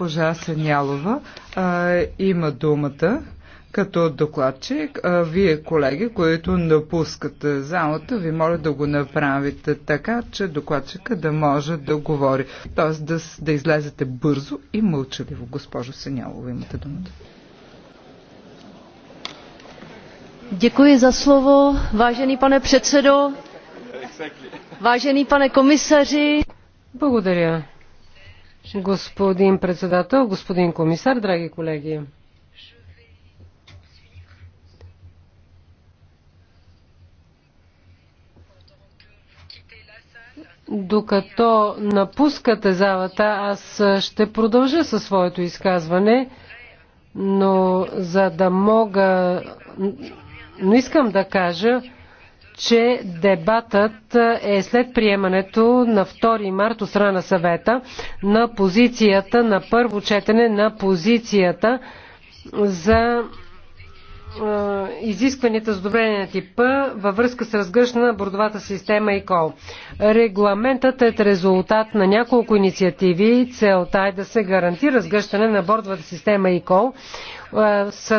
Госпожа Сенялова а, има думата като докладчик. А, вие, колеги, които напускате залата, ви моля да го направите така, че докладчика да може да говори. Тоест да, да излезете бързо и мълчаливо. Госпожо Сенялова, имате думата. Děkuji за slovo, vážený pane předsedo, vážený pane komisaři. Благодаря, Господин председател, господин комисар, драги колеги. Докато напускате залата, аз ще продължа със своето изказване, но за да мога... Но искам да кажа, че дебатът е след приемането на 2 март от страна на съвета на позицията на първо четене на позицията за изискванията за одобрение на типа във връзка с разгръщане на бордовата система ИКОЛ. Регламентът е резултат на няколко инициативи. Целта е да се гарантира разгръщане на бордовата система ИКОЛ с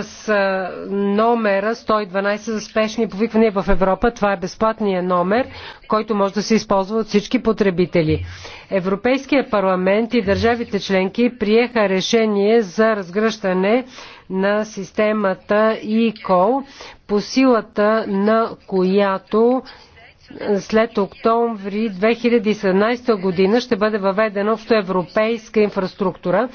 номера 112 за спешни повиквания в Европа. Това е безплатният номер, който може да се използва от всички потребители. Европейския парламент и държавите членки приеха решение за разгръщане на системата ИКОЛ, по силата на която след октомври 2017 година ще бъде въведена общоевропейска инфраструктура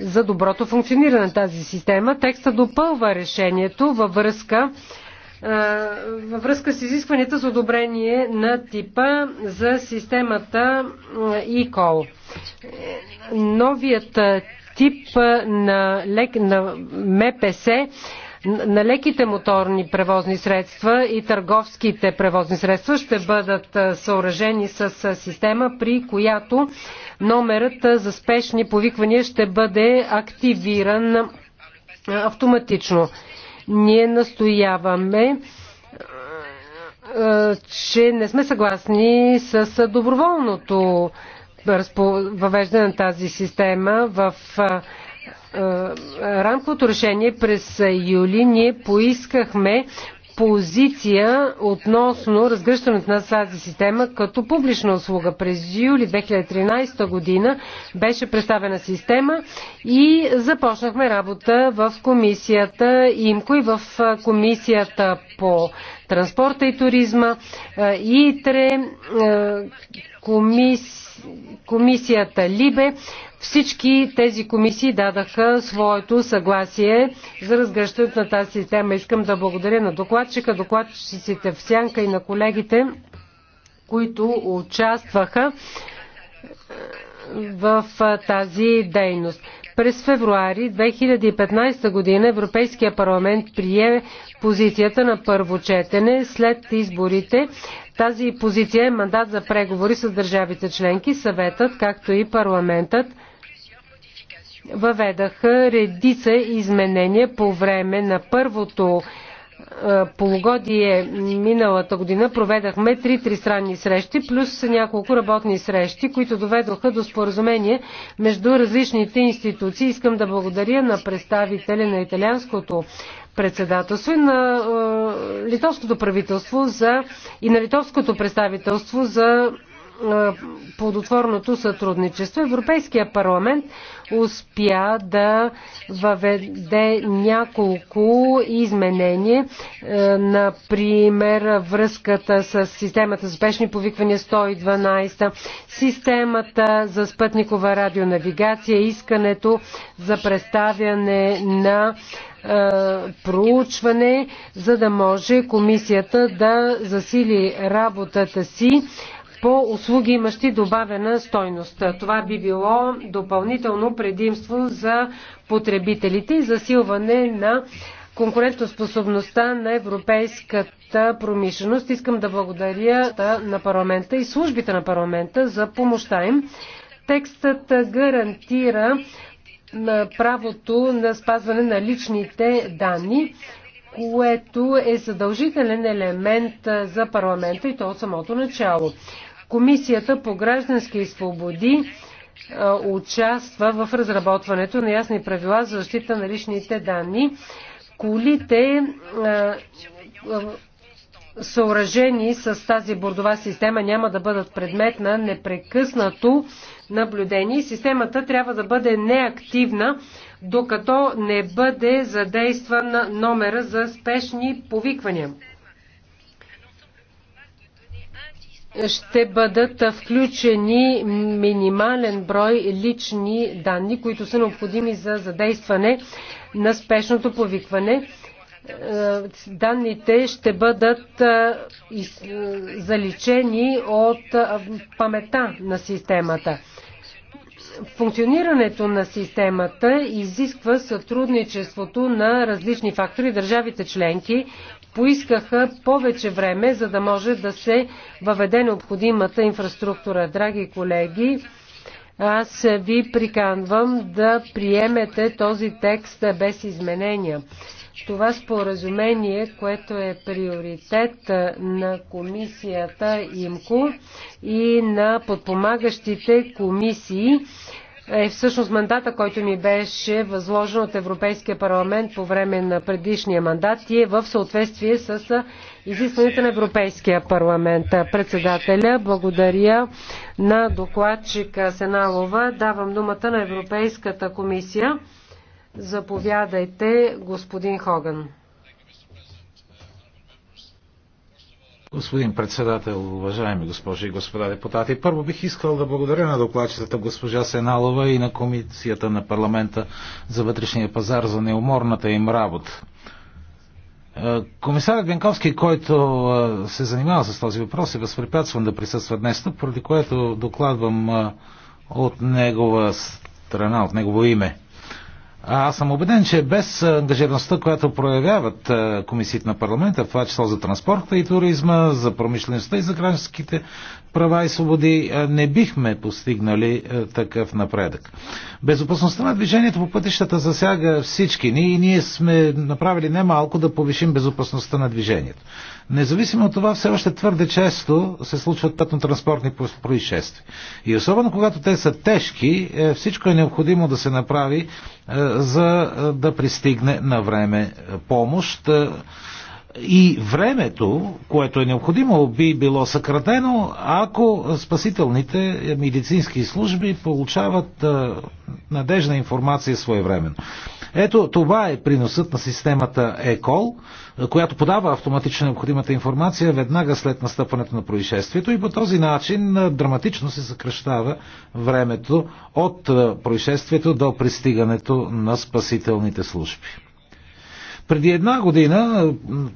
за доброто функциониране на тази система. Текста допълва решението във връзка във връзка с изискванията за одобрение на типа за системата eCall. Новият тип на, лек, на МПС, на леките моторни превозни средства и търговските превозни средства ще бъдат съоръжени с система, при която номерът за спешни повиквания ще бъде активиран автоматично. Ние настояваме че не сме съгласни с доброволното въвеждане на тази система в рамковото решение през юли ние поискахме позиция относно разгръщането на тази система като публична услуга. През юли 2013 година беше представена система и започнахме работа в комисията ИМКО и в комисията по транспорта и туризма, ИТРЕ, комис... комисията Либе. Всички тези комисии дадаха своето съгласие за разгръщането на тази тема. Искам да благодаря на докладчика, докладчиците в Сянка и на колегите, които участваха в тази дейност. През февруари 2015 година Европейския парламент прие позицията на първо четене. След изборите тази позиция е мандат за преговори с държавите членки, съветът, както и парламентът въведаха редица изменения по време на първото е, полугодие миналата година проведахме три тристранни срещи, плюс няколко работни срещи, които доведоха до споразумение между различните институции. Искам да благодаря на представители на италианското председателство и на е, литовското правителство за, и на литовското представителство за е, плодотворното сътрудничество. Европейския парламент успя да въведе няколко изменения, е, например връзката с системата за спешни повиквания 112, системата за спътникова радионавигация, искането за представяне на е, проучване, за да може комисията да засили работата си по услуги имащи добавена стойност. Това би било допълнително предимство за потребителите и засилване на конкурентоспособността на европейската промишленост. Искам да благодаря на парламента и службите на парламента за помощта им. Текстът гарантира на правото на спазване на личните данни, което е задължителен елемент за парламента и то от самото начало. Комисията по граждански свободи е, участва в разработването на ясни правила за защита на личните данни. Колите е, е, съоръжени с тази бордова система няма да бъдат предмет на непрекъснато наблюдение. Системата трябва да бъде неактивна, докато не бъде задействан номера за спешни повиквания. ще бъдат включени минимален брой лични данни, които са необходими за задействане на спешното повикване. Е, данните ще бъдат е, е, заличени от памета на системата. Функционирането на системата изисква сътрудничеството на различни фактори. Държавите членки поискаха повече време, за да може да се въведе необходимата инфраструктура. Драги колеги, аз ви приканвам да приемете този текст без изменения. Това споразумение, което е приоритет на комисията ИМКО и на подпомагащите комисии, е всъщност мандата, който ми беше възложен от Европейския парламент по време на предишния мандат и е в съответствие с изискването на Европейския парламент. Председателя, благодаря на докладчика Сеналова. Давам думата на Европейската комисия. Заповядайте, господин Хоган. Господин председател, уважаеми госпожи и господа депутати, първо бих искал да благодаря на докладчицата госпожа Сеналова и на Комисията на парламента за вътрешния пазар за неуморната им работа. Е, комисарът Бенковски, който е, се занимава с този въпрос, е възпрепятстван да присъства днес поради което докладвам е, от негова страна, от негово име. Аз съм убеден, че без ангажираността, която проявяват комисиите на парламента, в това число за транспорта и туризма, за промишлеността и за гражданските права и свободи, не бихме постигнали такъв напредък. Безопасността на движението по пътищата засяга всички ни и ние сме направили немалко да повишим безопасността на движението. Независимо от това, все още твърде често се случват пътно-транспортни происшествия. И особено когато те са тежки, е, всичко е необходимо да се направи, е, за е, да пристигне на време помощ и времето, което е необходимо, би било съкратено, ако спасителните медицински служби получават надежна информация своевременно. Ето това е приносът на системата ЕКОЛ, която подава автоматично необходимата информация веднага след настъпването на происшествието и по този начин драматично се съкръщава времето от происшествието до пристигането на спасителните служби. Преди една година,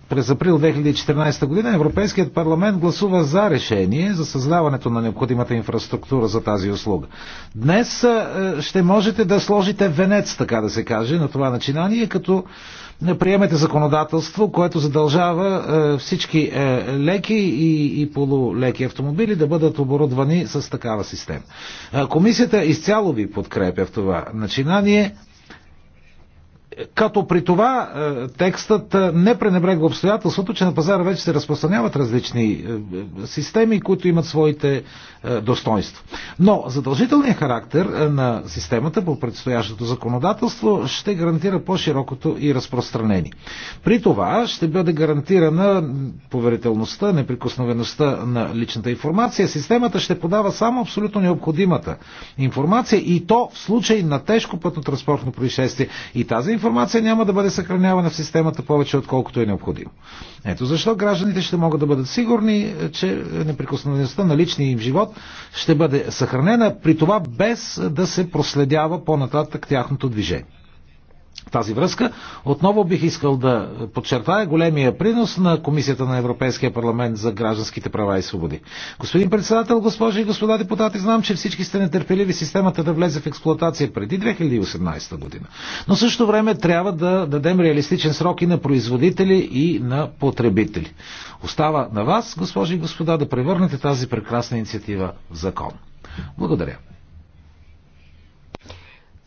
през април 2014 година, Европейският парламент гласува за решение за създаването на необходимата инфраструктура за тази услуга. Днес е, ще можете да сложите венец, така да се каже, на това начинание, като приемете законодателство, което задължава е, всички е, леки и, и полулеки автомобили да бъдат оборудвани с такава система. Комисията изцяло ви подкрепя в това начинание. Като при това е, текстът е, не пренебрегва обстоятелството, че на пазара вече се разпространяват различни е, системи, които имат своите достоинства. Но задължителният характер на системата по предстоящото законодателство ще гарантира по-широкото и разпространение. При това ще бъде гарантирана поверителността, неприкосновеността на личната информация. Системата ще подава само абсолютно необходимата информация и то в случай на тежко пътно-транспортно происшествие. И тази информация информация няма да бъде съхранявана в системата повече отколкото е необходимо. Ето защо гражданите ще могат да бъдат сигурни, е, че неприкосновеността на личния им живот ще бъде съхранена, при това без да се проследява по-нататък тяхното движение. В тази връзка отново бих искал да подчертая големия принос на Комисията на Европейския парламент за гражданските права и свободи. Господин председател, госпожи и господа депутати, знам, че всички сте нетърпеливи системата да влезе в експлуатация преди 2018 година. Но също време трябва да дадем реалистичен срок и на производители и на потребители. Остава на вас, госпожи и господа, да превърнете тази прекрасна инициатива в закон. Благодаря.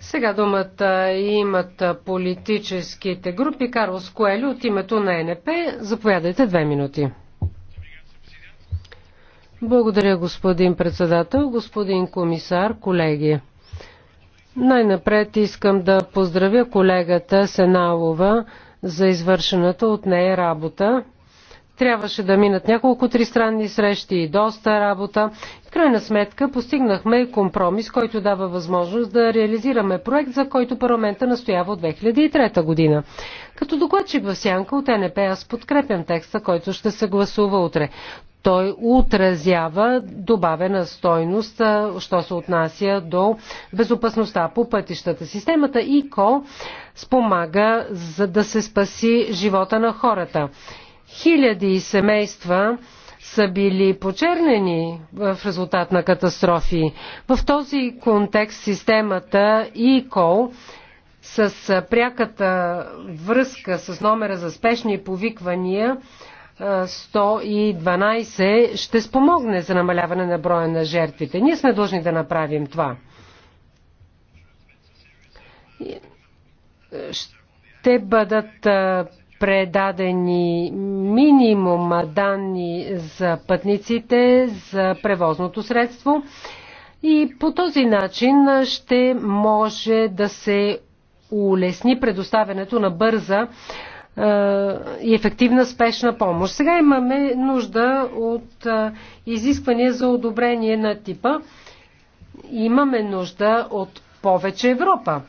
Сега думата имат политическите групи. Карлос Коели от името на НП. Заповядайте две минути. Благодаря, господин председател, господин комисар, колеги. Най-напред искам да поздравя колегата Сеналова за извършената от нея работа. Трябваше да минат няколко тристранни срещи и доста работа. В крайна сметка постигнахме компромис, който дава възможност да реализираме проект, за който парламента настоява от 2003 година. Като докладчик в Сянка от НП аз подкрепям текста, който ще се гласува утре. Той отразява добавена стойност, що се отнася до безопасността по пътищата. Системата ИКО спомага за да се спаси живота на хората Хиляди семейства са били почернени в резултат на катастрофи. В този контекст системата ИКОЛ e с пряката връзка с номера за спешни повиквания 112 ще спомогне за намаляване на броя на жертвите. Ние сме длъжни да направим това. Е, ще бъдат предадени минимум данни за пътниците, за превозното средство и по този начин ще може да се улесни предоставянето на бърза е, и ефективна спешна помощ. Сега имаме нужда от е, изисквания за одобрение на типа. Имаме нужда от повече Европа.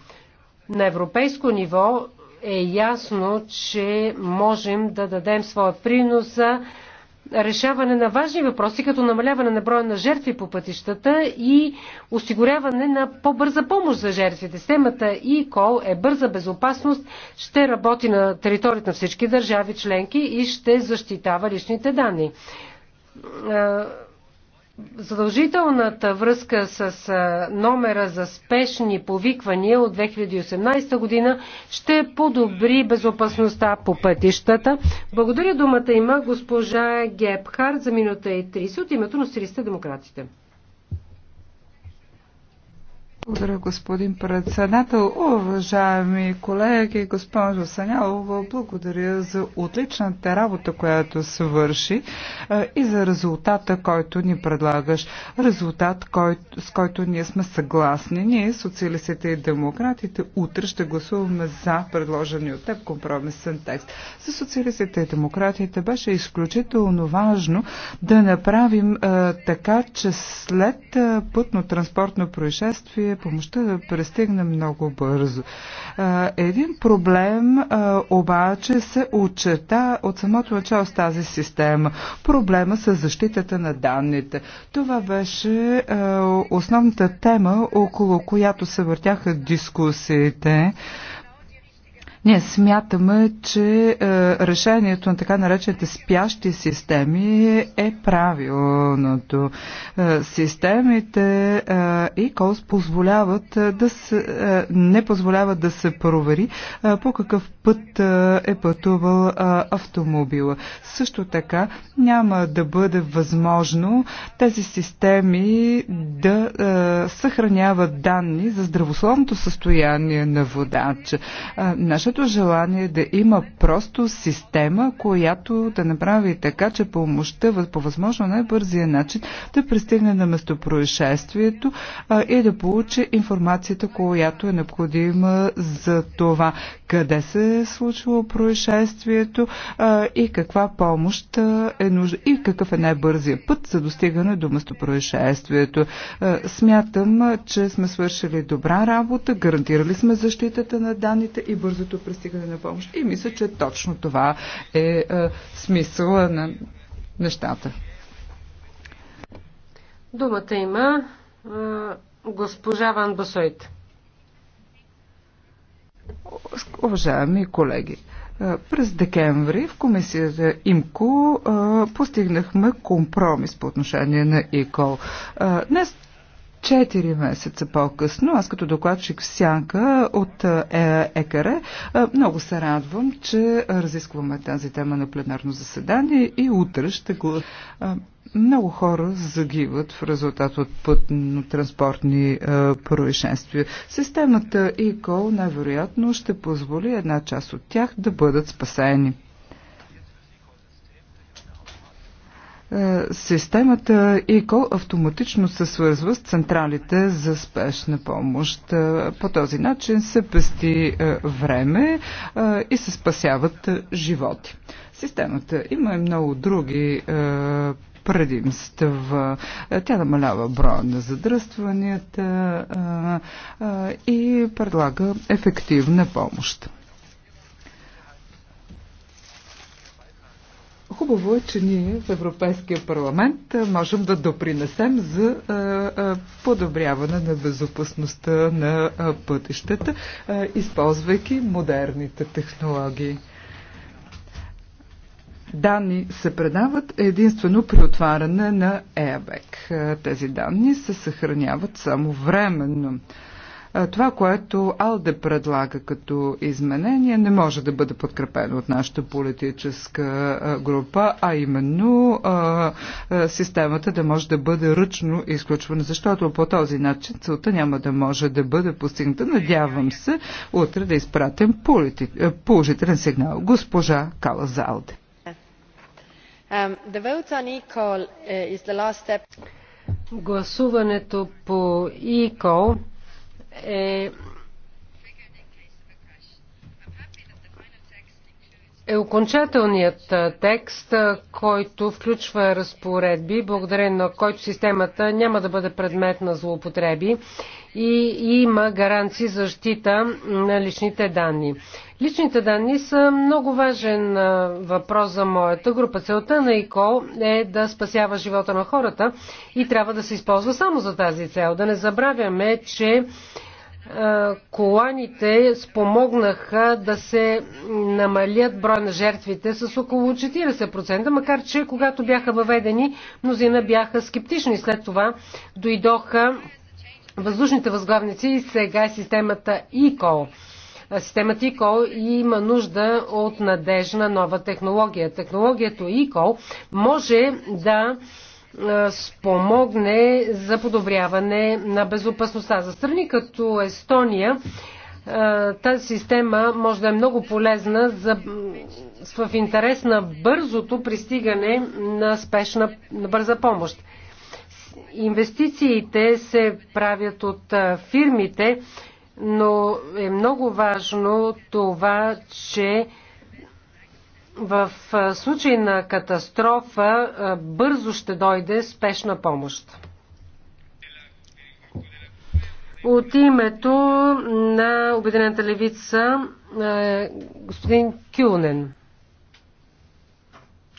На европейско ниво е ясно, че можем да дадем своя принос за решаване на важни въпроси, като намаляване на броя на жертви по пътищата и осигуряване на по-бърза помощ за жертвите. Системата ИКОЛ e е бърза безопасност, ще работи на територията на всички държави членки и ще защитава личните данни е, задължителната връзка с номера за спешни повиквания от 2018 година ще подобри безопасността по пътищата. Благодаря думата има госпожа Гебхар за минута и 30 от името на Сирийските демократите. Благодаря, господин председател. Уважаеми колеги, госпожо Санялова, благодаря за отличната работа, която се върши и за резултата, който ни предлагаш. Резултат, с който ние сме съгласни. Ние, социалистите и демократите, утре ще гласуваме за предложения от теб компромисен текст. За социалистите и демократите беше изключително важно да направим а, така, че след пътно-транспортно происшествие помощта да престигне много бързо. Един проблем обаче се отчета от самото начало с тази система. Проблема с защитата на данните. Това беше основната тема, около която се въртяха дискусиите. Ние смятаме, че е, решението на така наречените спящи системи е правилното. Е, системите е, кос позволяват е, да се, е, не позволяват да се провери е, по какъв път е, е пътувал е, автомобила. Също така няма да бъде възможно тези системи да е, съхраняват данни за здравословното състояние на водача. Е, нашето желание е да има просто система, която да направи така, че помощта по възможно най-бързия начин да пристигне на местопроизшествието и да получи информацията, която е необходима за това къде се е случило происшествието и каква помощ е нужда и какъв е най-бързия път за достигане до местопроизшествието. Смятам, че сме свършили добра работа, гарантирали сме защитата на данните и бързото пристигане на помощ. И мисля, че точно това е смисъла на нещата. Думата има госпожа Ван Басойт. Уважаеми колеги, през декември в комисията ИМКО постигнахме компромис по отношение на ИКОЛ. Днес Четири месеца по-късно, аз като докладчик в Сянка от е, е, ЕКР, е, много се радвам, че разискваме тази тема на пленарно заседание и утре ще го... Много хора загиват в резултат от пътно-транспортни происшествия. Системата ИКО най-вероятно ще позволи една част от тях да бъдат спасени. Е, системата ECOL автоматично се свързва с централите за спешна помощ. Е, по този начин се пести е, време и се спасяват животи. Системата има и много други предимства. Тя намалява броя на задръстванията и предлага ефективна помощ. Хубаво е, че ние в Европейския парламент можем да допринесем за подобряване на безопасността на пътищата, използвайки модерните технологии. Данни се предават единствено при отваряне на ЕАБЕК. Тези данни се съхраняват само временно. Това, което Алде предлага като изменение, не може да бъде подкрепено от нашата политическа група, а именно системата да може да бъде ръчно изключвана, защото по този начин целта няма да може да бъде постигната. Надявам се утре да изпратим полити... положителен сигнал. Госпожа Кала за Алде. Um, uh, Гласуването по ИКО е е окончателният текст, който включва разпоредби, благодарение на който системата няма да бъде предмет на злоупотреби и има гаранции за защита на личните данни. Личните данни са много важен въпрос за моята група. Целта на ИКО е да спасява живота на хората и трябва да се използва само за тази цел. Да не забравяме, че коланите спомогнаха да се намалят брой на жертвите с около 40%, макар че когато бяха въведени, мнозина бяха скептични. След това дойдоха въздушните възглавници и сега е системата ИКОЛ. Системата ИКОЛ има нужда от надежна нова технология. Технологията ИКОЛ може да спомогне за подобряване на безопасността. За страни като Естония тази система може да е много полезна за, в интерес на бързото пристигане на спешна на бърза помощ. Инвестициите се правят от фирмите, но е много важно това, че в случай на катастрофа бързо ще дойде спешна помощ. От името на Обединената левица господин Кюнен.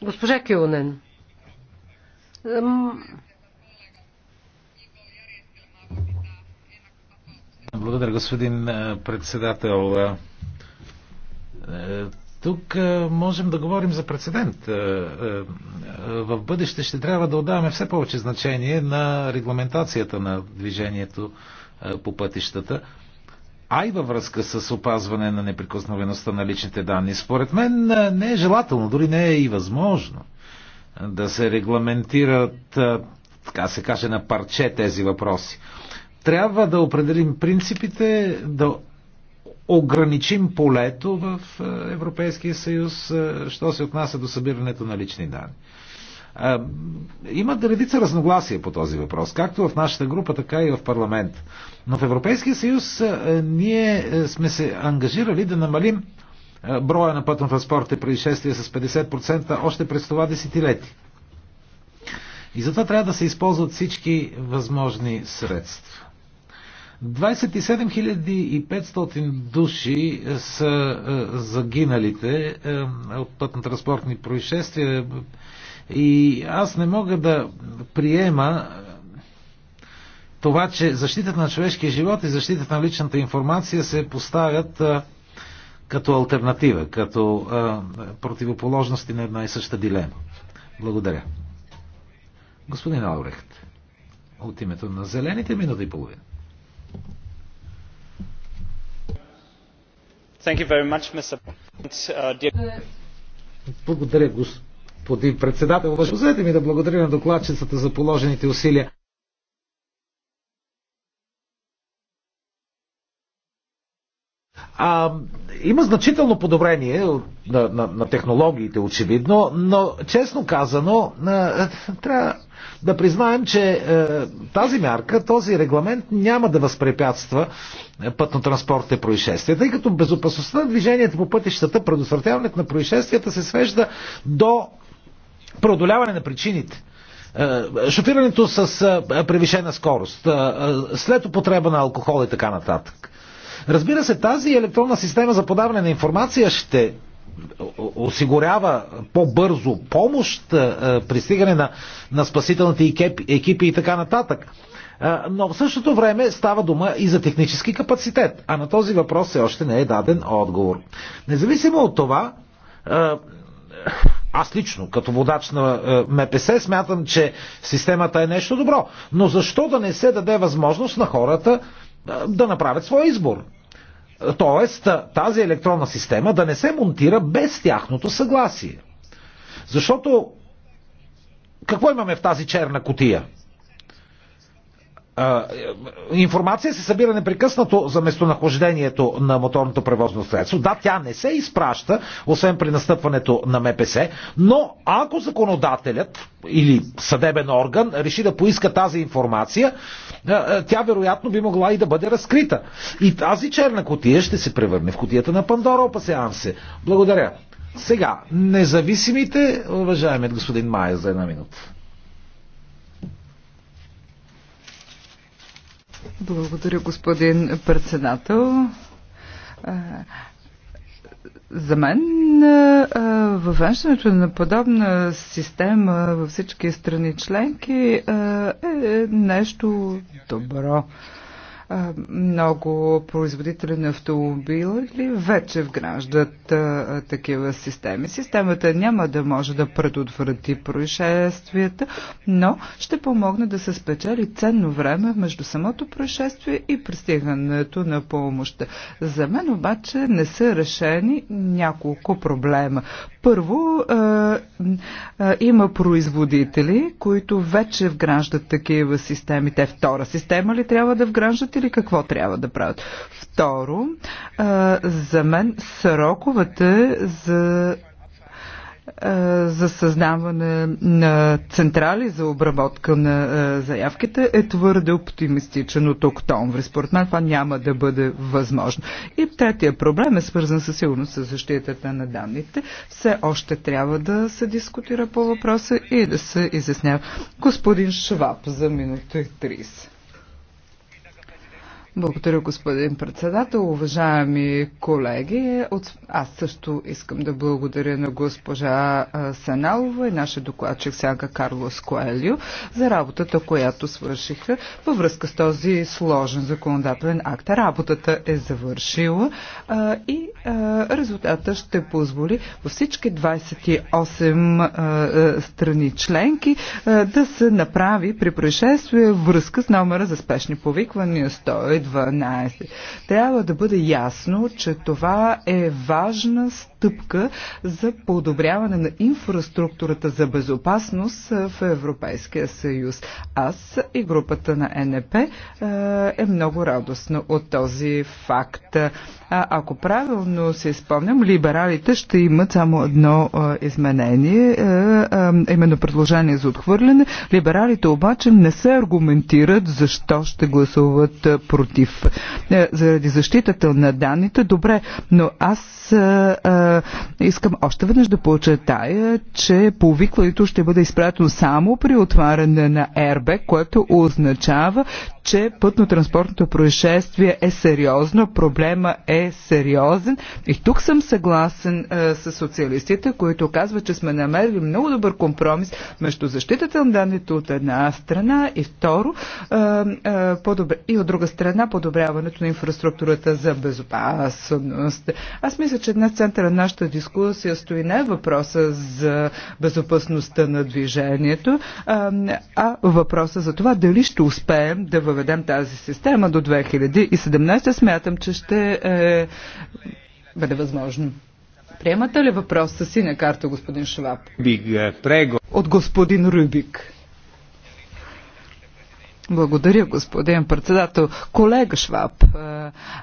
Госпожа Кюнен. Благодаря, господин председател. Тук е, можем да говорим за прецедент. Е, е, в бъдеще ще трябва да отдаваме все повече значение на регламентацията на движението по пътищата, а и във връзка с опазване на неприкосновеността на личните данни. Според мен не е желателно, дори не е и възможно да се регламентират, така се каже, на парче тези въпроси. Трябва да определим принципите, да ограничим полето в е, Европейския съюз, е, що се отнася до събирането на лични данни. Е, има редица разногласия по този въпрос, както в нашата група, така и в парламент. Но в Европейския съюз ние сме се ангажирали да намалим броя на пътно-транспортните происшествия с 50% още през това десетилетие. И затова трябва да се използват всички възможни средства. 27 500 души са е, загиналите е, от пътно-транспортни происшествия и аз не мога да приема е, това, че защитата на човешкия живот и защитата на личната информация се поставят като альтернатива, като противоположности на една и съща дилема. Благодаря. Господин Албрехт, от името на Зелените минута и половина. Uh, благодаря, господин председател. Позволете ми да благодаря на докладчицата за положените усилия. А, има значително подобрение на, на, на технологиите, очевидно, но честно казано, на, трябва да признаем, че е, тази мярка, този регламент няма да възпрепятства пътно-транспортните происшествия, тъй като безопасността на движението по пътищата, предотвратяването на происшествията се свежда до преодоляване на причините. шофирането с превишена скорост, след употреба на алкохол и така нататък. Разбира се, тази електронна система за подаване на информация ще осигурява по-бързо помощ при стигане на, на спасителните екипи и така нататък. Но в същото време става дума и за технически капацитет, а на този въпрос все още не е даден отговор. Независимо от това, аз лично, като водач на МПС, смятам, че системата е нещо добро. Но защо да не се даде възможност на хората да направят своя избор. Тоест, тази електронна система да не се монтира без тяхното съгласие. Защото какво имаме в тази черна котия? информация се събира непрекъснато за местонахождението на моторното превозно средство. Да, тя не се изпраща, освен при настъпването на МПС, но ако законодателят или съдебен орган реши да поиска тази информация, тя вероятно би могла и да бъде разкрита. И тази черна котия ще се превърне в котията на Пандора, опасявам се. Благодаря. Сега, независимите, уважаеми господин Майя за една минута. Благодаря, господин председател. За мен въвеждането на подобна система във всички страни членки е нещо добро. Много производители на автомобили вече вграждат а, такива системи. Системата няма да може да предотврати происшествията, но ще помогне да се спечели ценно време между самото происшествие и пристигането на помощта. За мен обаче не са решени няколко проблема. Първо, а, а, има производители, които вече вграждат такива системи. Те втора система ли трябва да вграждат или какво трябва да правят? Второ, а, за мен сроковете за за създаване на централи за обработка на заявките е твърде оптимистичен от октомври. Според мен това няма да бъде възможно. И третия проблем е свързан със сигурност с защитата на данните. Все още трябва да се дискутира по въпроса и да се изяснява. Господин Шваб за минута и 30. Благодаря, господин председател. Уважаеми колеги, аз също искам да благодаря на госпожа Саналова и нашия докладчик Сянка Карлос Коелио за работата, която свършиха във връзка с този сложен законодателен акт. Работата е завършила а, и а, резултата ще позволи във всички 28 а, страни членки а, да се направи при происшествие връзка с номера за спешни повиквания 101 12. Трябва да бъде ясно, че това е важна стъпка за подобряване на инфраструктурата за безопасност в Европейския съюз. Аз и групата на НП е много радостна от този факт. А, ако правилно се спомням, либералите ще имат само едно а, изменение, а, е, а, е, е, именно предложение за отхвърляне. Либералите обаче не се аргументират защо ще гласуват а, против. А, заради защитата на данните, добре, но аз а, а, искам още веднъж да почетая, че повикването ще бъде изпратено само при отваряне на РБ, което означава, че пътно-транспортното происшествие е сериозно, проблема е е сериозен. И тук съм съгласен а, е, с социалистите, които казват, че сме намерили много добър компромис между защитата на данните от една страна и второ а, е, а, е, подобр... и от друга страна подобряването на инфраструктурата за безопасност. Аз мисля, че днес центъра на нашата дискусия стои не въпроса за безопасността на движението, а, а въпроса за това дали ще успеем да въведем тази система до 2017. Смятам, че ще е бъде възможно. Приемате ли въпрос със синя карта, господин Шваб? Е, От господин Рубик. Благодаря, господин председател. Колега Шваб,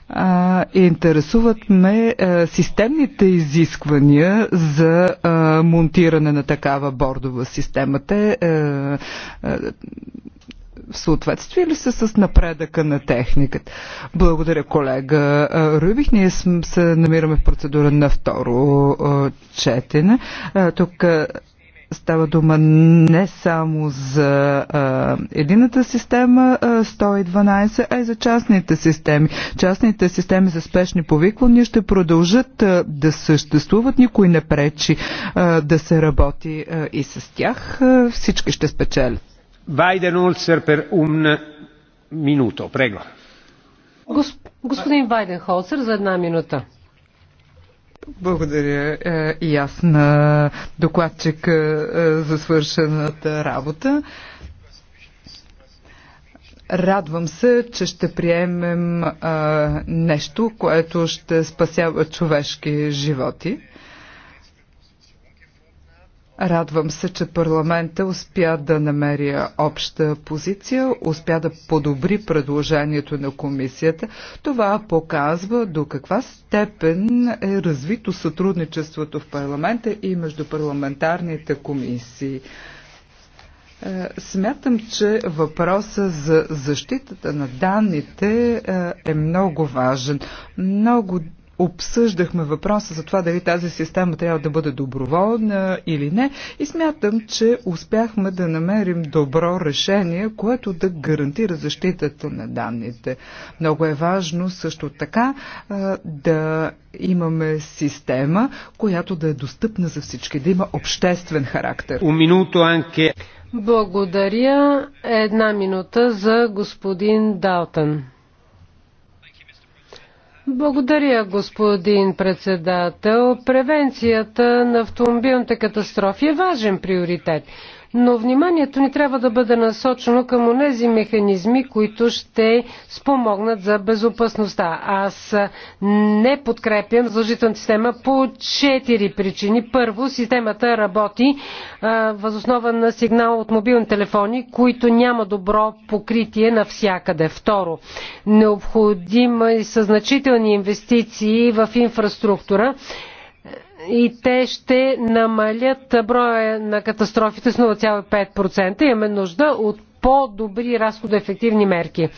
а, е, е, интересуват ме а, системните изисквания за а, монтиране на такава бордова система. Те, а, а, в съответствие ли са с напредъка на техниката? Благодаря, колега Рубих. Ние се намираме в процедура на второ четене. Тук Става дума не само за а, едината система а, 112, а и за частните системи. Частните системи за спешни повиквания ще продължат а, да съществуват, никой не пречи а, да се работи а, и с тях. А, всички ще спечелят. Господин Вайденхолцер за една минута. Благодаря е, и аз на докладчик е, за свършената работа. Радвам се, че ще приемем е, нещо, което ще спасява човешки животи. Радвам се, че парламента успя да намери обща позиция, успя да подобри предложението на комисията. Това показва до каква степен е развито сътрудничеството в парламента и между парламентарните комисии. Е, смятам, че въпроса за защитата на данните е, е много важен. Много обсъждахме въпроса за това дали тази система трябва да бъде доброволна или не и смятам, че успяхме да намерим добро решение, което да гарантира защитата на данните. Много е важно също така да имаме система, която да е достъпна за всички, да има обществен характер. Благодаря. Една минута за господин Далтън. Благодаря, господин председател. Превенцията на автомобилните катастрофи е важен приоритет но вниманието ни трябва да бъде насочено към онези механизми, които ще спомогнат за безопасността. Аз не подкрепям задължителната система по четири причини. Първо, системата работи възоснова на сигнал от мобилни телефони, които няма добро покритие навсякъде. Второ, необходими са значителни инвестиции в инфраструктура и те ще намалят броя на катастрофите с 0,5%. Имаме нужда от по-добри разходоефективни мерки.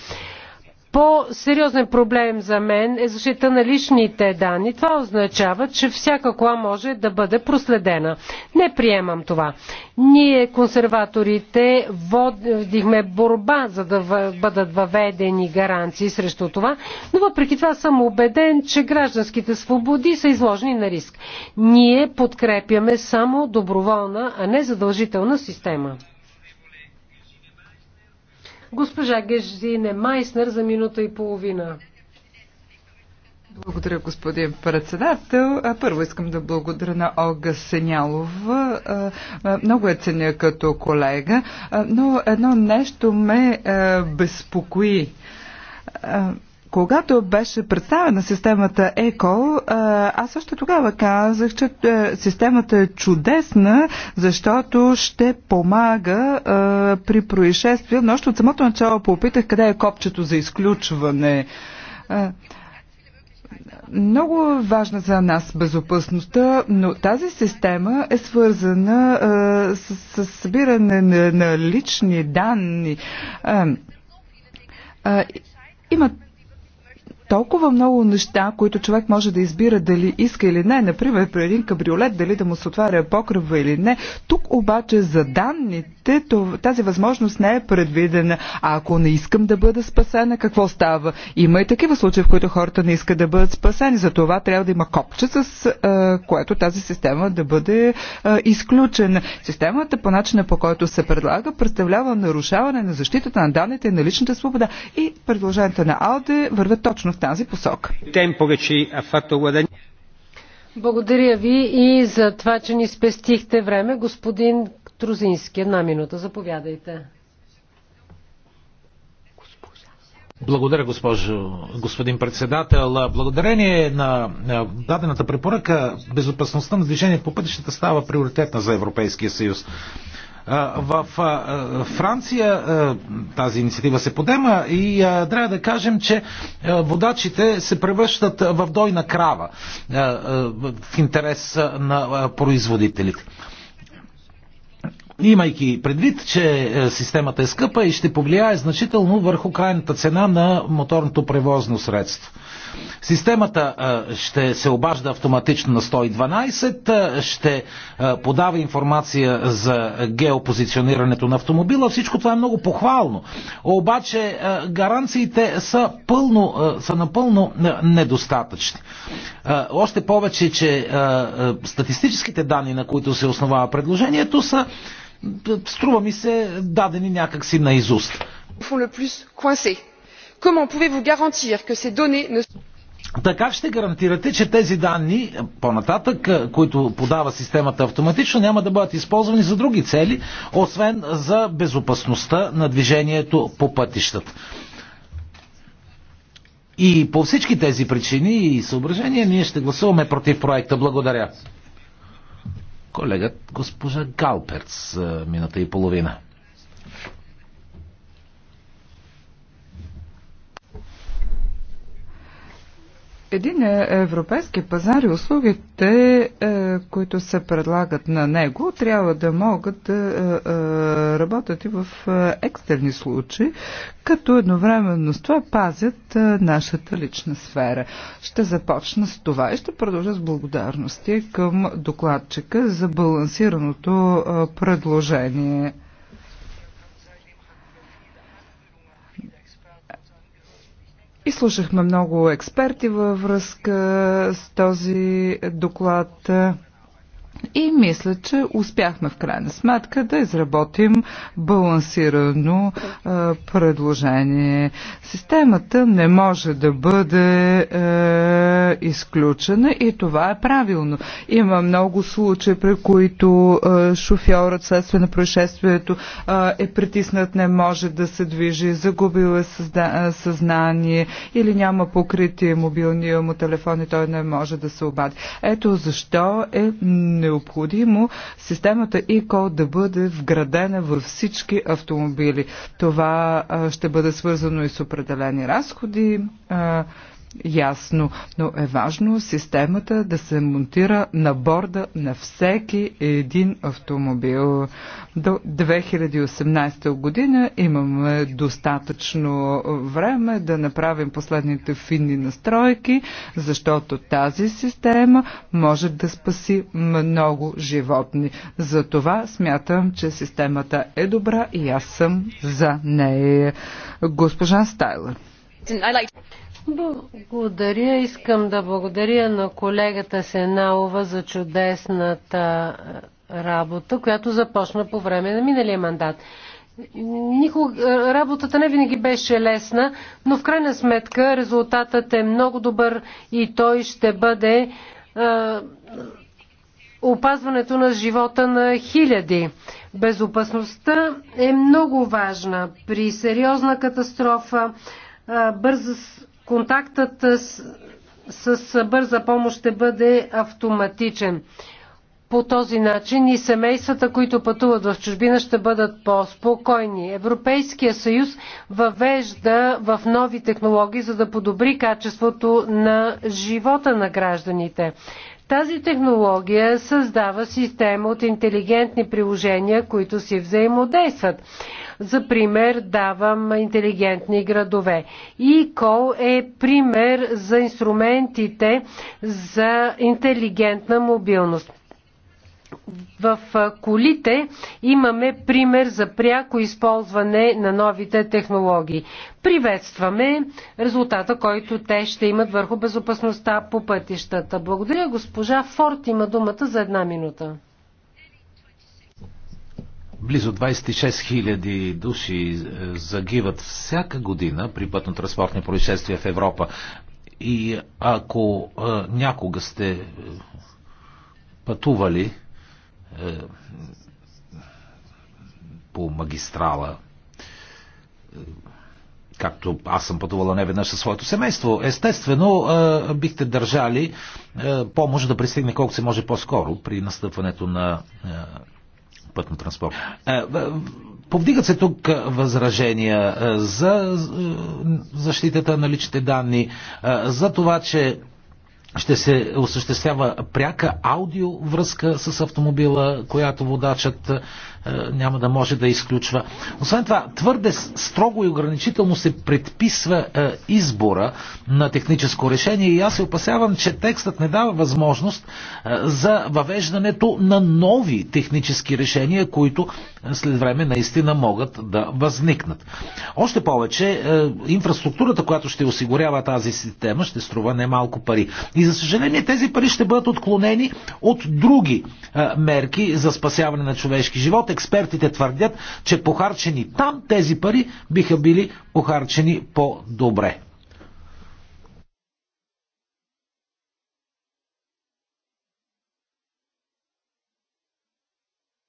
По-сериозен проблем за мен е защита на личните данни. Това означава, че всяка кола може да бъде проследена. Не приемам това. Ние, консерваторите, водихме борба, за да бъдат въведени гаранции срещу това, но въпреки това съм убеден, че гражданските свободи са изложени на риск. Ние подкрепяме само доброволна, а не задължителна система. Госпожа Гежзине Майснер за минута и половина. Благодаря, господин председател. Първо искам да благодаря на Олга Сенялова. Много е ценя като колега, но едно нещо ме безпокои когато беше представена системата ЕКО, аз също тогава казах, че е, системата е чудесна, защото ще помага при происшествия. Но още от самото начало попитах къде е копчето за изключване много важна за нас безопасността, но тази система е свързана а, с, с събиране на, на лични данни. А, а, има толкова много неща, които човек може да избира дали иска или не. Например, при един кабриолет, дали да му се отваря покрива или не. Тук обаче за данните тази възможност не е предвидена. А ако не искам да бъда спасена, какво става? Има и такива случаи, в които хората не искат да бъдат спасени. За това трябва да има копче, с което тази система да бъде изключена. Системата по начина по който се предлага представлява нарушаване на защитата на данните и на личната свобода. И предложението на АЛДЕ вървят точно в тази посока. Благодаря ви и за това, че ни спестихте време. Господин Трузински, една минута, заповядайте. Благодаря, госпожо, господин председател. Благодарение на дадената препоръка, безопасността на движение по пътищата става приоритетна за Европейския съюз. В Франция тази инициатива се подема и трябва да кажем, че водачите се превръщат в дойна крава в интерес на производителите. Имайки предвид, че е, системата е скъпа и ще повлияе значително върху крайната цена на моторното превозно средство. Системата ще се обажда автоматично на 112, ще подава информация за геопозиционирането на автомобила. Всичко това е много похвално. Обаче гаранциите са, пълно, са напълно недостатъчни. Още повече, че статистическите данни, на които се основава предложението, са струва ми се дадени някакси на изуст comment pouvez vous garantir que ces données ne така ще гарантирате, че тези данни, по-нататък, които подава системата автоматично, няма да бъдат използвани за други цели, освен за безопасността на движението по пътищата. И по всички тези причини и съображения ние ще гласуваме против проекта. Благодаря. Колегът госпожа Галперц, мината и половина. Един е европейски пазар и услугите, е, които се предлагат на него, трябва да могат да е, работят и в екстерни случаи, като едновременно с това пазят нашата лична сфера. Ще започна с това и ще продължа с благодарности към докладчика за балансираното предложение. И слушахме много експерти във връзка с този доклад. И мисля, че успяхме в крайна сметка да изработим балансирано е, предложение. Системата не може да бъде е, изключена и това е правилно. Има много случаи, при които е, шофьорът следствие на происшествието е, е притиснат, не може да се движи, загубил е съзна... съзнание или няма покритие мобилния му телефон и той не може да се обади. Ето защо е не? необходимо системата ИКО да бъде вградена във всички автомобили. Това ще бъде свързано и с определени разходи ясно, но е важно системата да се монтира на борда на всеки един автомобил. До 2018 година имаме достатъчно време да направим последните финни настройки, защото тази система може да спаси много животни. За това смятам, че системата е добра и аз съм за нея. Госпожа Стайлър. Благодаря. Искам да благодаря на колегата Сеналова за чудесната работа, която започна по време на миналия мандат. Никога, работата не винаги беше лесна, но в крайна сметка резултатът е много добър и той ще бъде а, опазването на живота на хиляди. Безопасността е много важна. При сериозна катастрофа а, бърза контактът с, с бърза помощ ще бъде автоматичен. По този начин и семействата, които пътуват в чужбина, ще бъдат по-спокойни. Европейския съюз въвежда в нови технологии, за да подобри качеството на живота на гражданите. Тази технология създава система от интелигентни приложения, които си взаимодействат. За пример давам интелигентни градове. ИКОЛ е пример за инструментите за интелигентна мобилност. В колите имаме пример за пряко използване на новите технологии. Приветстваме резултата, който те ще имат върху безопасността по пътищата. Благодаря, госпожа Форд има думата за една минута. Близо 26 000 души е, загиват всяка година при пътно-транспортни происшествия в Европа. И ако а, е, някога сте а, е, пътували а, по магистрала, а, както аз съм пътувала не веднъж със своето семейство, естествено а, бихте държали а, помощ да пристигне колко се може по-скоро при настъпването на а, пътно транспорт. Е, повдигат се тук е, възражения е, за защитата на личните данни, за това, че ще се осъществява пряка аудиовръзка с автомобила, която водачът е, няма да може да изключва. Освен това, твърде строго и ограничително се предписва е, избора на техническо решение и аз се опасявам, че текстът не дава възможност е, за въвеждането на нови технически решения, които след време наистина могат да възникнат. Още повече, инфраструктурата, която ще осигурява тази система, ще струва немалко пари. И за съжаление, тези пари ще бъдат отклонени от други мерки за спасяване на човешки живот Експертите твърдят, че похарчени там тези пари биха били похарчени по-добре.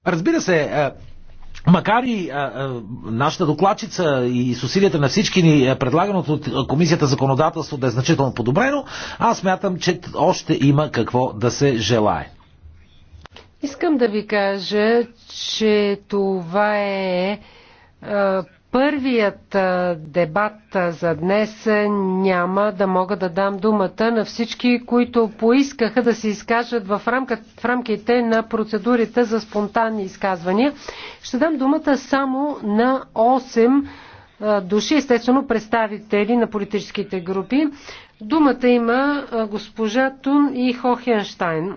Разбира се, е, Макар и е, е, нашата докладчица и с усилията на всички ни, предлаганото от Комисията законодателство да е значително подобрено, аз мятам, че още има какво да се желае. Искам да ви кажа, че това е първият дебат за днес. Няма да мога да дам думата на всички, които поискаха да се изкажат в, рамка, в рамките на процедурите за спонтанни изказвания. Ще дам думата само на 8 души, естествено представители на политическите групи. Думата има госпожа Тун и Хохенштайн.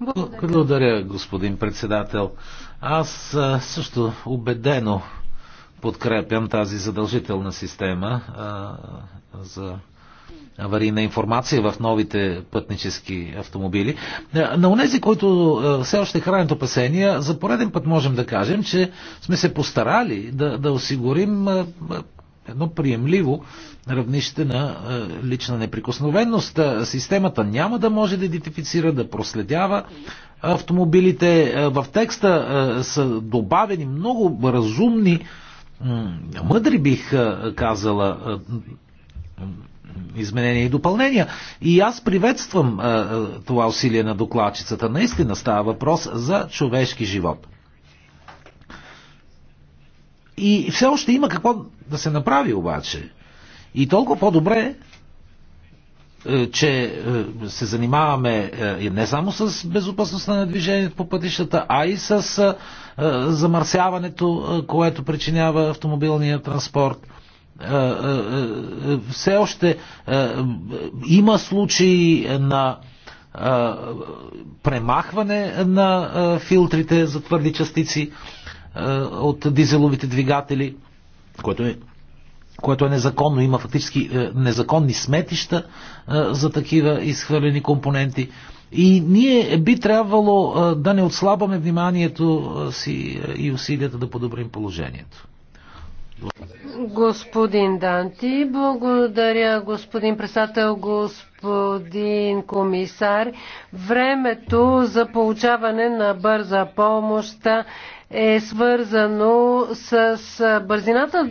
Благодаря. Благодаря, господин председател. Аз също убедено подкрепям тази задължителна система а, за аварийна информация в новите пътнически автомобили. На онези, които все още хранят опасения, за пореден път можем да кажем, че сме се постарали да, да осигурим едно приемливо равнище на е, лична неприкосновеност. Е, системата няма да може да идентифицира, да проследява автомобилите. Е, в текста са добавени много разумни, мъдри бих казала, изменения и допълнения. И аз приветствам това усилие на докладчицата. Наистина става въпрос за човешки живот. И все още има какво да се направи обаче. И толкова по-добре, е, че е, се занимаваме е, не само с безопасността на движението по пътищата, а и с замърсяването, което причинява автомобилния транспорт. Все още има случаи на премахване на филтрите за твърди частици е, от дизеловите двигатели, което е, което е незаконно. Има фактически е, незаконни сметища е, за такива изхвърлени компоненти. И ние би трябвало да не отслабаме вниманието си и усилията да подобрим положението. Господин Данти, благодаря, господин председател, господин комисар. Времето за получаване на бърза помощ е свързано с бързината,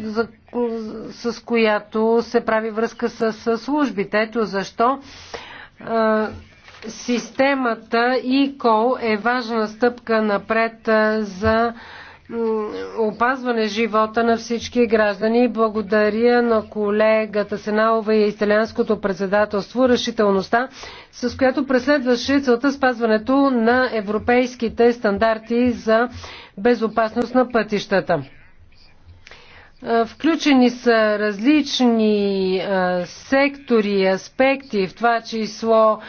с която се прави връзка с службите. Ето защо системата ИКОЛ е важна стъпка напред за опазване живота на всички граждани. Благодаря на колегата Сеналова и Италианското председателство решителността, с която преследваше целта спазването на европейските стандарти за безопасност на пътищата. Включени са различни сектори и аспекти, в това число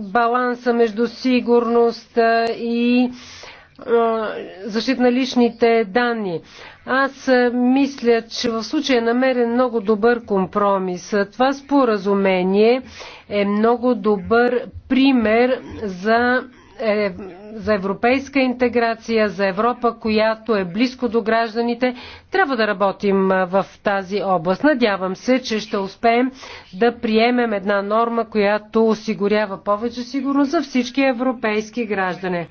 баланса между сигурност и защита на личните данни. Аз мисля, че в случая е намерен много добър компромис. Това споразумение е много добър пример за е, за европейска интеграция, за Европа, която е близко до гражданите. Трябва да работим в тази област. Надявам се, че ще успеем да приемем една норма, която осигурява повече сигурност за всички европейски граждане.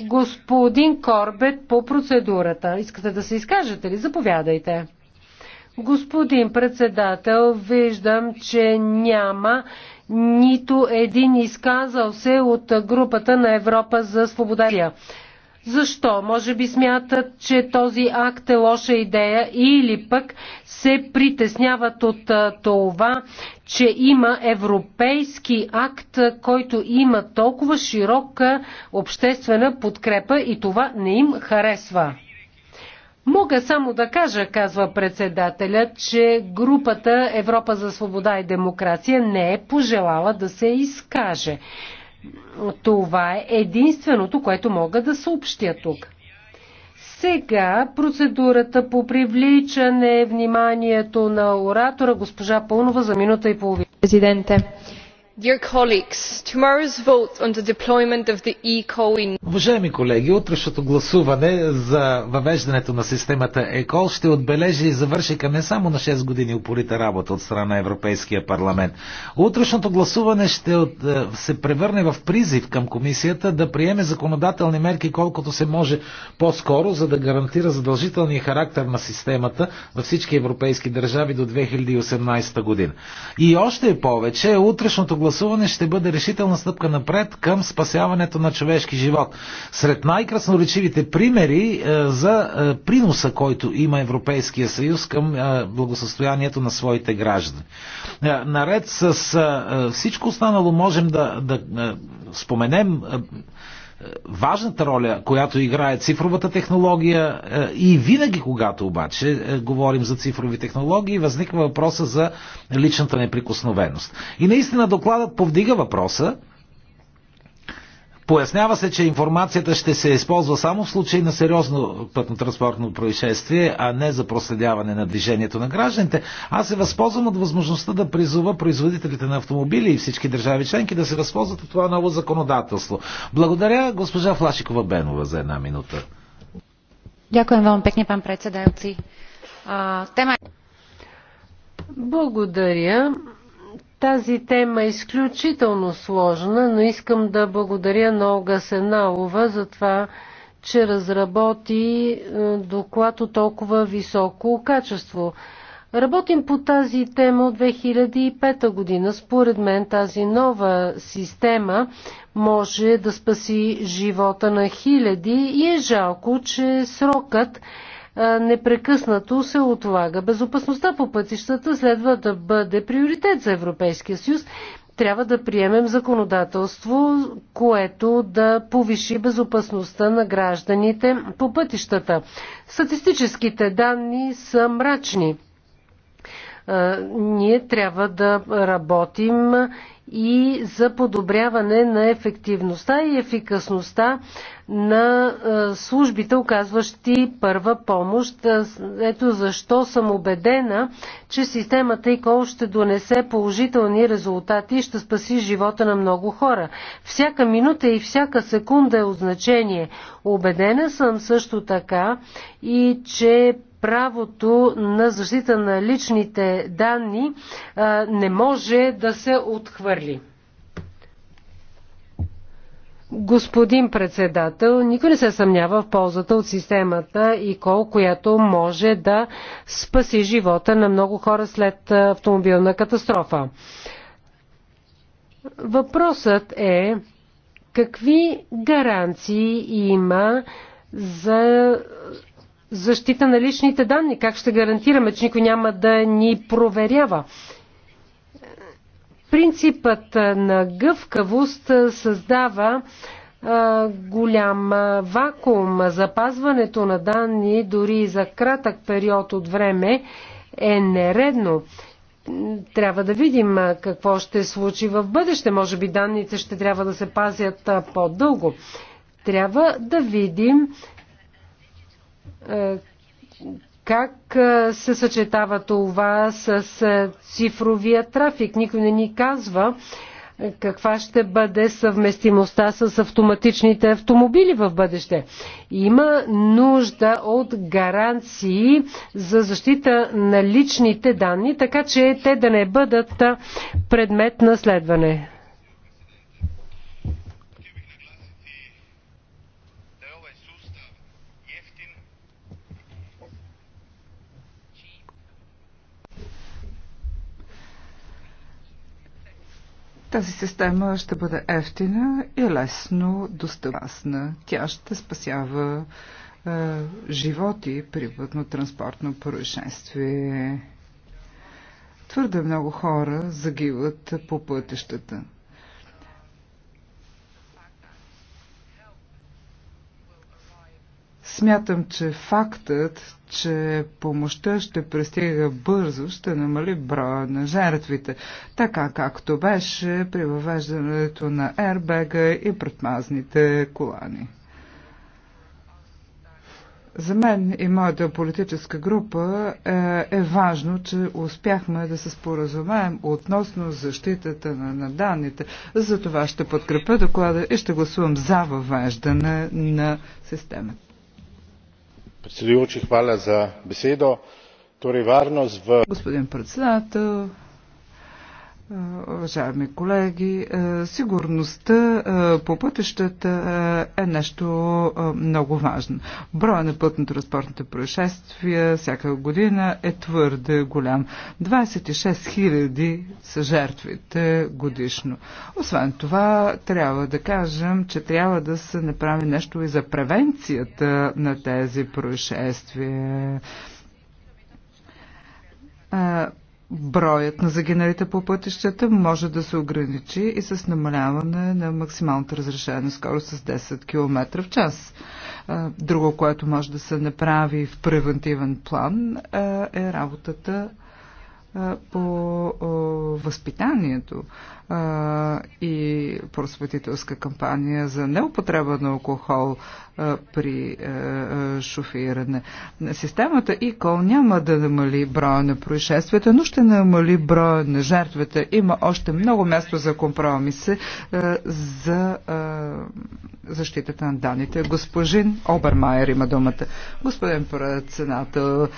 Господин Корбет по процедурата. Искате да се изкажете ли? Заповядайте. Господин председател, виждам, че няма нито един изказал се от групата на Европа за свобода. Защо? Може би смятат, че този акт е лоша идея или пък се притесняват от това, че има европейски акт, който има толкова широка обществена подкрепа и това не им харесва. Мога само да кажа, казва председателят, че групата Европа за свобода и демокрация не е пожелала да се изкаже. Това е единственото, което мога да съобщя тук. Сега процедурата по привличане вниманието на оратора госпожа Пълнова за минута и половина. Президенте, Уважаеми колеги, утрешното гласуване за въвеждането на системата ЕКОЛ ще отбележи и завършика не само на 6 години упорита работа от страна на Европейския парламент. Утрешното гласуване ще от, е, се превърне в призив към комисията да приеме законодателни мерки колкото се може по-скоро, за да гарантира задължителния характер на системата във всички европейски държави до 2018 година. И още повече, утрешното гласуване гласуване ще бъде решителна стъпка напред към спасяването на човешки живот. Сред най-красноречивите примери е, за е, приноса, който има Европейския съюз към е, благосъстоянието на своите граждани. Наред с всичко останало можем да, да споменем важната роля, която играе цифровата технология е, и винаги, когато обаче е, говорим за цифрови технологии, възниква въпроса за личната неприкосновеност. И наистина докладът повдига въпроса Пояснява се, че информацията ще се използва само в случай на сериозно пътно-транспортно происшествие, а не за проследяване на движението на гражданите. Аз се възползвам от възможността да призова производителите на автомобили и всички държави членки да се възползват от това ново законодателство. Благодаря госпожа Флашикова Бенова за една минута. Дякуем вам пекни пан председателци. Тема... Благодаря. Тази тема е изключително сложна, но искам да благодаря на Олга Сеналова за това, че разработи е, доклад от толкова високо качество. Работим по тази тема от 2005 година. Според мен тази нова система може да спаси живота на хиляди и е жалко, че срокът непрекъснато се отлага. Безопасността по пътищата следва да бъде приоритет за Европейския съюз. Трябва да приемем законодателство, което да повиши безопасността на гражданите по пътищата. Статистическите данни са мрачни ние трябва да работим и за подобряване на ефективността и ефикасността на е, службите, оказващи първа помощ. Е, ето защо съм убедена, че системата ИКОЛ ще донесе положителни резултати и ще спаси живота на много хора. Всяка минута и всяка секунда е от значение. Убедена съм също така и, че правото на защита на личните данни не може да се отхвърли. Господин председател, никой не се съмнява в ползата от системата ИКОЛ, която може да спаси живота на много хора след автомобилна катастрофа. Въпросът е какви гаранции има за защита на личните данни? Как ще гарантираме, че никой няма да ни проверява? Принципът на гъвкавост създава голям вакуум. Запазването на данни дори за кратък период от време е нередно. Трябва да видим какво ще случи в бъдеще. Може би данните ще трябва да се пазят по-дълго. Трябва да видим как се съчетава това с цифровия трафик? Никой не ни казва каква ще бъде съвместимостта с автоматичните автомобили в бъдеще. Има нужда от гаранции за защита на личните данни, така че те да не бъдат предмет на следване. Тази система ще бъде ефтина и лесно достъпна. Тя ще спасява е, животи при пътно-транспортно происшествие. Твърде много хора загиват по пътищата. Смятам, че фактът, че помощта ще пристига бързо, ще намали броя на жертвите, така както беше при въвеждането на ербега и предмазните колани. За мен и моята политическа група е, е важно, че успяхме да се споразумеем относно защитата на, на данните. За това ще подкрепя доклада и ще гласувам за въвеждане на системата. Господин председател, Уважаеми колеги, е, сигурността е, по пътищата е, е нещо много важно. Броя на пътно-транспортните происшествия всяка година е твърде голям. 26 000 са жертвите годишно. Освен това, трябва да кажем, че трябва да се направи нещо и за превенцията на тези происшествия броят на загиналите по пътищата може да се ограничи и с намаляване на максималната разрешена скорост с 10 км в час. Друго, което може да се направи в превентивен план е работата по възпитанието а, и просветителска кампания за неупотреба на алкохол а, при а, е, е, шофиране. Системата ИКОЛ няма да намали броя на происшествията, но ще намали броя на жертвата. Има още много място за компромиси а, е, за а, защитата на данните. Госпожин Обермайер има думата. Господин председател,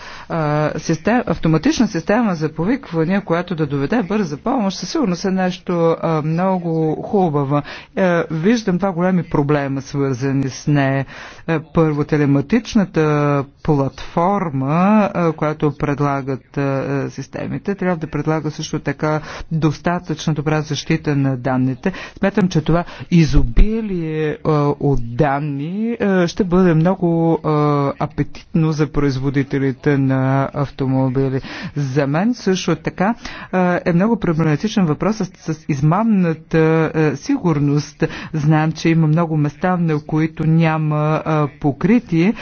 систем, автоматична система за повиквания, която да доведе бърза помощ, със сигурност е нещо а, много хубава. А, виждам два големи проблема, свързани с нея. Първо, телематичната платформа, която предлагат системите, трябва да предлага също така достатъчно добра защита на данните. Смятам, че това изобилие от данни ще бъде много апетитно за производителите на автомобили. За мен също така е много проблематичен въпрос с, с измамната сигурност. Знаем, че има много места, на които няма покритие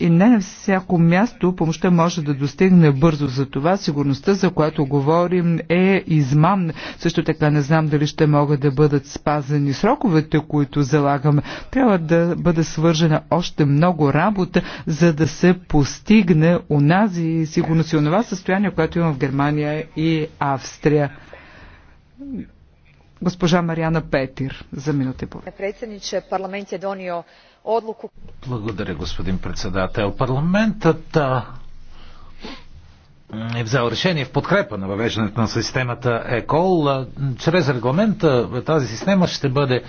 и не всяко място помощта може да достигне бързо. За това сигурността, за която говорим, е измамна. Също така не знам дали ще могат да бъдат спазени сроковете, които залагаме. Трябва да бъде свържена още много работа, за да се постигне унази сигурност и онова състояние, което има в Германия и Австрия. Госпожа Мариана Петир за минута и половина. Председниче, парламент е донио odluku. Благодаря, господин председател. Парламентът е взел решение в подкрепа на въвеждането на системата ЕКОЛ. Чрез регламента тази система ще бъде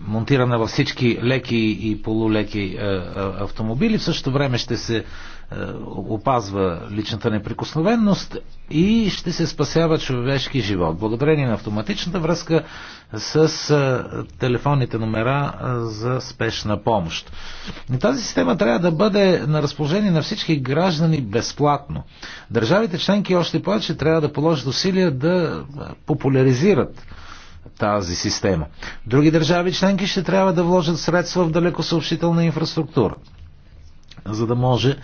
монтирана във всички леки и полулеки автомобили. В същото време ще се е, опазва личната неприкосновенност и ще се спасява човешки живот. Благодарение на автоматичната връзка с е, телефонните номера е, за спешна помощ. И тази система трябва да бъде на разположение на всички граждани безплатно. Държавите членки още повече трябва да положат усилия да популяризират тази система. Други държави членки ще трябва да вложат средства в далекосъобщителна инфраструктура, за да може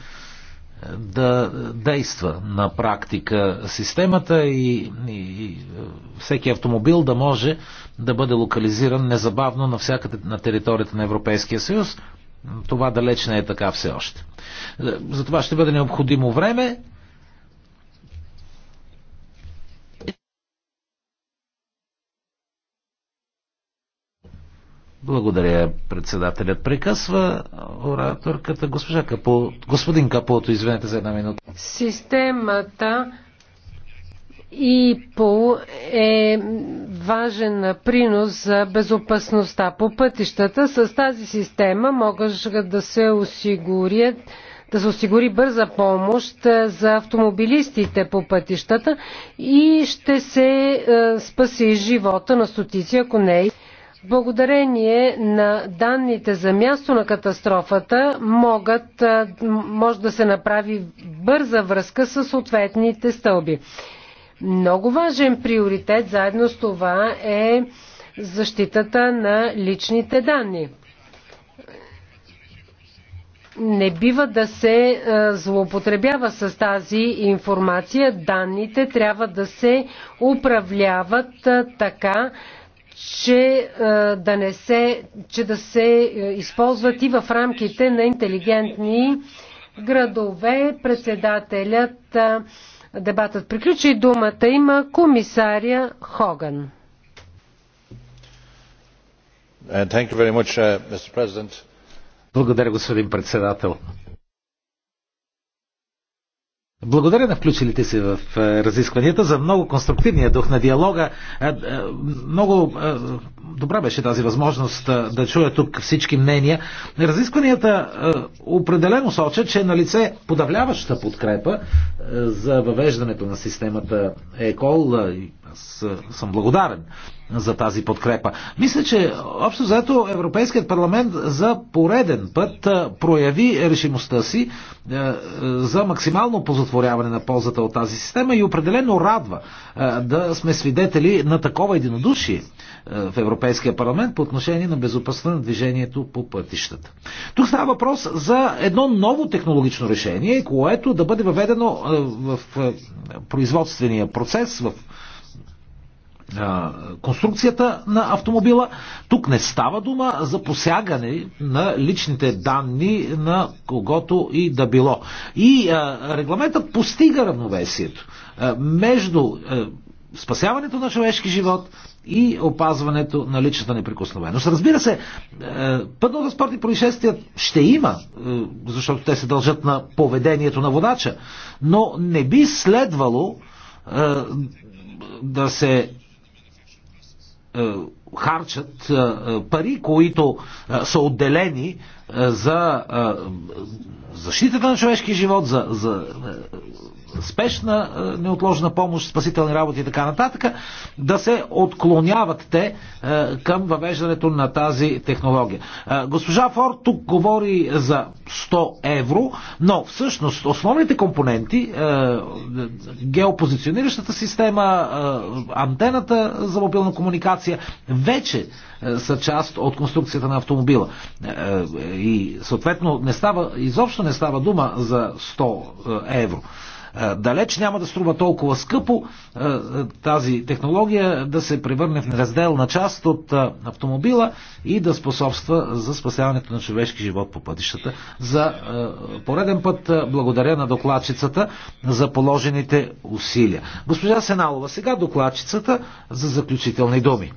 да действа на практика системата и, и е, всеки автомобил да може да бъде локализиран незабавно навсякъде на територията на Европейския съюз. Това далеч не е така все още. Е, За това ще бъде необходимо време. Благодаря, председателят. Прекъсва ораторката госпожа Капо, господин Капото, извинете за една минута. Системата пол е важен принос за безопасността по пътищата. С тази система могат да се осигурят да се осигури бърза помощ за автомобилистите по пътищата и ще се е, спаси живота на стотици, ако не е. Благодарение на данните за място на катастрофата могат, може да се направи бърза връзка с съответните стълби. Много важен приоритет заедно с това е защитата на личните данни. Не бива да се злоупотребява с тази информация. Данните трябва да се управляват така, че е, да, не се, че да се е, използват и в рамките на интелигентни градове. Председателят е, дебатът приключи. Думата има комисаря Хоган. Uh, Благодаря, господин председател. Благодаря на включилите се в е, разискванията за много конструктивния дух на диалога. Е, е, много добра беше тази възможност да чуя тук всички мнения. Разискванията определено сочат, че е на лице подавляваща подкрепа за въвеждането на системата ЕКОЛ аз съм благодарен за тази подкрепа. Мисля, че общо заето Европейският парламент за пореден път прояви решимостта си за максимално позатворяване на ползата от тази система и определено радва да сме свидетели на такова единодушие в Европейския парламент по отношение на безопасността на движението по пътищата. Тук става въпрос за едно ново технологично решение, което да бъде въведено в производствения процес, в конструкцията на автомобила. Тук не става дума за посягане на личните данни на когото и да било. И регламентът постига равновесието между спасяването на човешки живот и опазването на личната неприкосновеност. Разбира се, пътно-транспортни происшествия ще има, защото те се дължат на поведението на водача, но не би следвало да се е, харчат е, е, пари, които са отделени за защитата на човешки живот, за, за спешна е, неотложна помощ, спасителни работи и така нататък, да се отклоняват те е, към въвеждането на тази технология. Е, госпожа Форд тук говори за 100 евро, но всъщност основните компоненти, геопозициониращата система, антената за мобилна комуникация, вече са част от конструкцията на автомобила. И съответно не става, изобщо не става дума за 100 евро. Е, далеч няма да струва толкова скъпо е, е, тази технология да се превърне в неразделна част от автомобила и да способства за спасяването на човешки живот по пътищата. За пореден път благодаря на докладчицата за положените усилия. Госпожа Сеналова, сега докладчицата за заключителни думи.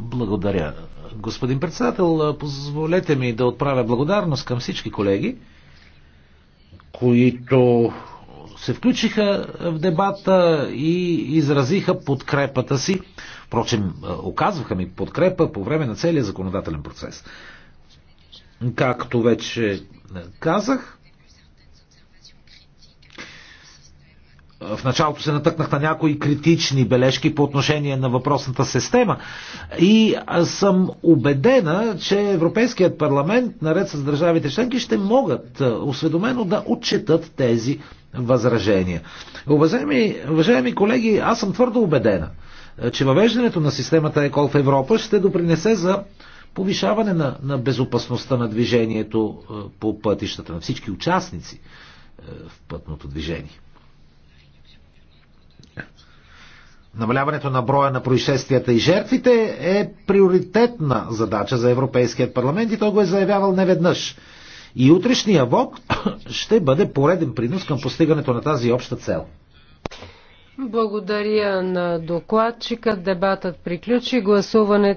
Благодаря. Господин председател, позволете ми да отправя благодарност към всички колеги, които се включиха в дебата и изразиха подкрепата си. Впрочем, оказваха ми подкрепа по време на целия законодателен процес. Както вече казах, в началото се натъкнах на някои критични бележки по отношение на въпросната система и съм убедена, че Европейският парламент, наред с държавите членки, ще могат осведомено да отчитат тези възражения. Уважаеми, уважаеми колеги, аз съм твърдо убедена, че въвеждането на системата ЕКОЛ в Европа ще допринесе за повишаване на, на безопасността на движението по пътищата на всички участници в пътното движение. Намаляването на броя на происшествията и жертвите е приоритетна задача за Европейският парламент и той го е заявявал неведнъж. И утрешния вок ще бъде пореден принос към постигането на тази обща цел. Благодаря на докладчика. Дебатът приключи. Гласуването